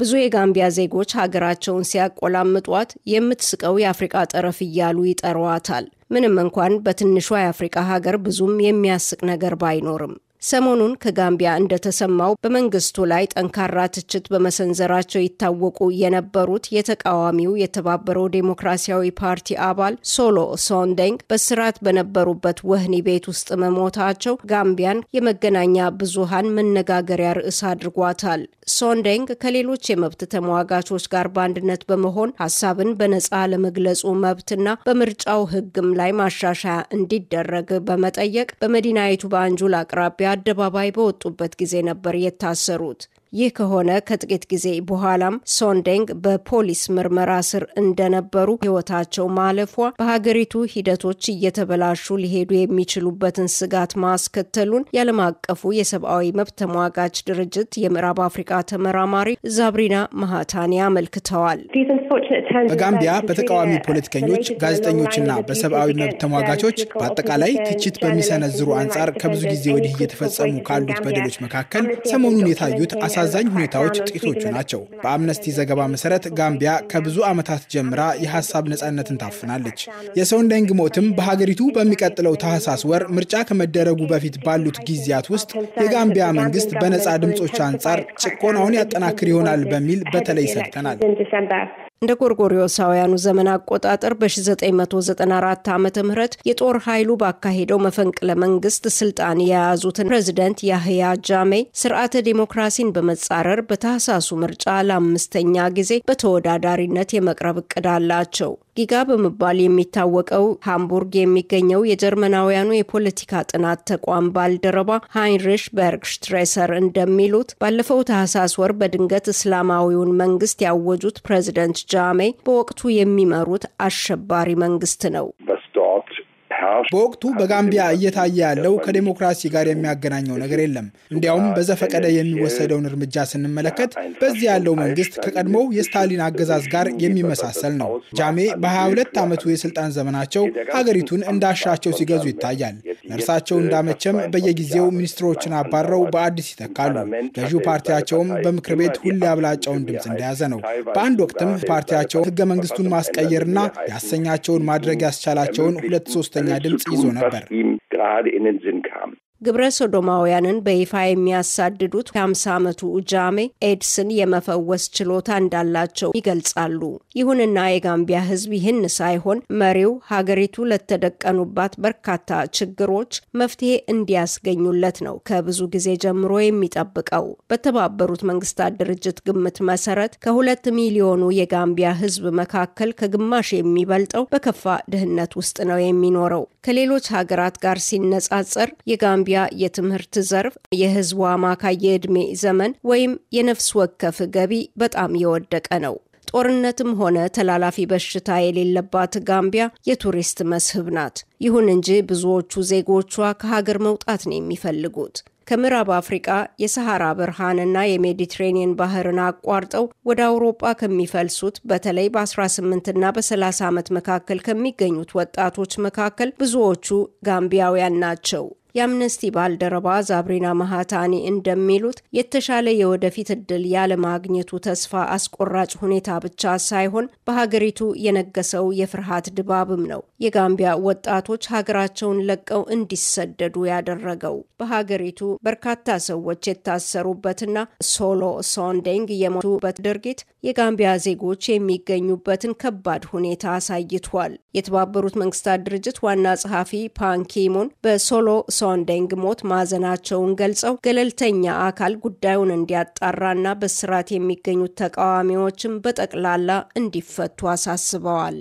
ብዙ የጋምቢያ ዜጎች ሀገራቸውን ሲያቆላምጧት የምትስቀው የአፍሪቃ ጠረፍ እያሉ ይጠሯዋታል። ምንም እንኳን በትንሿ የአፍሪቃ ሀገር ብዙም የሚያስቅ ነገር ባይኖርም ሰሞኑን ከጋምቢያ እንደተሰማው በመንግስቱ ላይ ጠንካራ ትችት በመሰንዘራቸው ይታወቁ የነበሩት የተቃዋሚው የተባበረው ዴሞክራሲያዊ ፓርቲ አባል ሶሎ ሶንደንግ በስርዓት በነበሩበት ወህኒ ቤት ውስጥ መሞታቸው ጋምቢያን የመገናኛ ብዙሃን መነጋገሪያ ርዕስ አድርጓታል። ሶንደንግ ከሌሎች የመብት ተሟጋቾች ጋር በአንድነት በመሆን ሀሳብን በነጻ ለመግለጹ መብትና በምርጫው ህግም ላይ ማሻሻያ እንዲደረግ በመጠየቅ በመዲናይቱ በአንጁል አቅራቢያ አደባባይ በወጡበት ጊዜ ነበር የታሰሩት። ይህ ከሆነ ከጥቂት ጊዜ በኋላም ሶንዴንግ በፖሊስ ምርመራ ስር እንደነበሩ ሕይወታቸው ማለፏ በሀገሪቱ ሂደቶች እየተበላሹ ሊሄዱ የሚችሉበትን ስጋት ማስከተሉን የዓለም አቀፉ የሰብአዊ መብት ተሟጋች ድርጅት የምዕራብ አፍሪካ ተመራማሪ ዛብሪና ማሃታኒ አመልክተዋል። በጋምቢያ በተቃዋሚ ፖለቲከኞች፣ ጋዜጠኞችና በሰብአዊ መብት ተሟጋቾች በአጠቃላይ ትችት በሚሰነዝሩ አንጻር ከብዙ ጊዜ ወዲህ እየተፈጸሙ ካሉት በደሎች መካከል ሰሞኑን የታዩት አሳ አሳዛኝ ሁኔታዎች ጥቂቶቹ ናቸው። በአምነስቲ ዘገባ መሰረት ጋምቢያ ከብዙ ዓመታት ጀምራ የሐሳብ ነጻነትን ታፍናለች። የሰውን ደንግ ሞትም በሀገሪቱ በሚቀጥለው ታህሳስ ወር ምርጫ ከመደረጉ በፊት ባሉት ጊዜያት ውስጥ የጋምቢያ መንግስት በነፃ ድምፆች አንጻር ጭቆናውን ያጠናክር ይሆናል በሚል በተለይ ሰግተናል። እንደ ጎርጎሪዮሳውያኑ ዘመን አቆጣጠር በ1994 ዓ ም የጦር ኃይሉ ባካሄደው መፈንቅለ መንግስት ስልጣን የያዙትን ፕሬዚደንት ያህያ ጃሜ ስርዓተ ዴሞክራሲን በመጻረር በታህሳሱ ምርጫ ለአምስተኛ ጊዜ በተወዳዳሪነት የመቅረብ እቅድ አላቸው። ጊጋ በመባል የሚታወቀው ሃምቡርግ የሚገኘው የጀርመናውያኑ የፖለቲካ ጥናት ተቋም ባልደረባ ሃይንሪሽ በርግሽትሬሰር እንደሚሉት ባለፈው ታህሳስ ወር በድንገት እስላማዊውን መንግስት ያወጁት ፕሬዚደንት ጃሜ በወቅቱ የሚመሩት አሸባሪ መንግስት ነው። በወቅቱ በጋምቢያ እየታየ ያለው ከዴሞክራሲ ጋር የሚያገናኘው ነገር የለም። እንዲያውም በዘፈቀደ የሚወሰደውን እርምጃ ስንመለከት በዚህ ያለው መንግስት ከቀድሞው የስታሊን አገዛዝ ጋር የሚመሳሰል ነው። ጃሜ በ22 ዓመቱ የስልጣን ዘመናቸው ሀገሪቱን እንዳሻቸው ሲገዙ ይታያል። እርሳቸው እንዳመቸም በየጊዜው ሚኒስትሮችን አባረው በአዲስ ይተካሉ። ገዢው ፓርቲያቸውም በምክር ቤት ሁሌ አብላጫውን ድምፅ እንደያዘ ነው። በአንድ ወቅትም ፓርቲያቸው ህገ መንግስቱን ማስቀየርና ያሰኛቸውን ማድረግ ያስቻላቸውን ሁለት ሶስተኛ ድምፅ ይዞ ነበር። ግብረ ሶዶማውያንን በይፋ የሚያሳድዱት የ50 ዓመቱ ኡጃሜ ኤድስን የመፈወስ ችሎታ እንዳላቸው ይገልጻሉ። ይሁንና የጋምቢያ ሕዝብ ይህን ሳይሆን መሪው ሀገሪቱ ለተደቀኑባት በርካታ ችግሮች መፍትሄ እንዲያስገኙለት ነው ከብዙ ጊዜ ጀምሮ የሚጠብቀው። በተባበሩት መንግስታት ድርጅት ግምት መሰረት ከሁለት ሚሊዮኑ የጋምቢያ ሕዝብ መካከል ከግማሽ የሚበልጠው በከፋ ድህነት ውስጥ ነው የሚኖረው። ከሌሎች ሀገራት ጋር ሲነጻጸር የጋምቢ አረቢያ የትምህርት ዘርፍ የህዝቡ አማካይ የዕድሜ ዘመን ወይም የነፍስ ወከፍ ገቢ በጣም የወደቀ ነው። ጦርነትም ሆነ ተላላፊ በሽታ የሌለባት ጋምቢያ የቱሪስት መስህብ ናት። ይሁን እንጂ ብዙዎቹ ዜጎቿ ከሀገር መውጣት ነው የሚፈልጉት። ከምዕራብ አፍሪቃ የሰሐራ ብርሃንና የሜዲትሬኒየን ባህርን አቋርጠው ወደ አውሮጳ ከሚፈልሱት በተለይ በ18ና በ30 ዓመት መካከል ከሚገኙት ወጣቶች መካከል ብዙዎቹ ጋምቢያውያን ናቸው። የአምነስቲ ባልደረባ ዛብሪና መሃታኒ እንደሚሉት የተሻለ የወደፊት እድል ያለማግኘቱ ተስፋ አስቆራጭ ሁኔታ ብቻ ሳይሆን በሀገሪቱ የነገሰው የፍርሃት ድባብም ነው የጋምቢያ ወጣቶች ሀገራቸውን ለቀው እንዲሰደዱ ያደረገው። በሀገሪቱ በርካታ ሰዎች የታሰሩበትና ሶሎ ሶንዴንግ የሞቱበት ድርጊት የጋምቢያ ዜጎች የሚገኙበትን ከባድ ሁኔታ አሳይቷል። የተባበሩት መንግስታት ድርጅት ዋና ጸሐፊ ፓንኪሙን በሶሎ ሶንዴንግ ሞት ማዘናቸውን ገልጸው ገለልተኛ አካል ጉዳዩን እንዲያጣራና በስራት የሚገኙት ተቃዋሚዎችም በጠቅላላ እንዲፈቱ አሳስበዋል።